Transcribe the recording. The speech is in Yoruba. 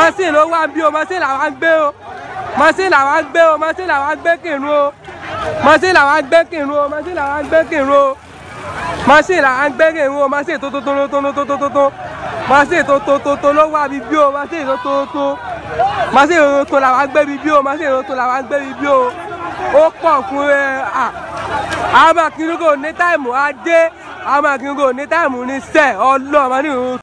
machine ló wá bí o machine làwa ń gbé o machine làwa ń gbé o machine làwa ń gbé kìrún o machine làwa ń gbé kìrún o machine làwa ń gbé kìrún o machine làwa ń gbé kìrún o machine tó tó tó tó tó tó tó tó machine tó tó tó tó ló wá bí bí o machine tó tó tó machine tó tó làwa ń gbé bí bí o machine tó tó làwa ń gbé bí bí o ó pọ̀ fún ẹ à àwọn akíndúgbò ní táìmù á dé àwọn akíndúgbò ní táìmù ní sẹ́ẹ̀ ọlọ́ọ̀ máa ní ìrún.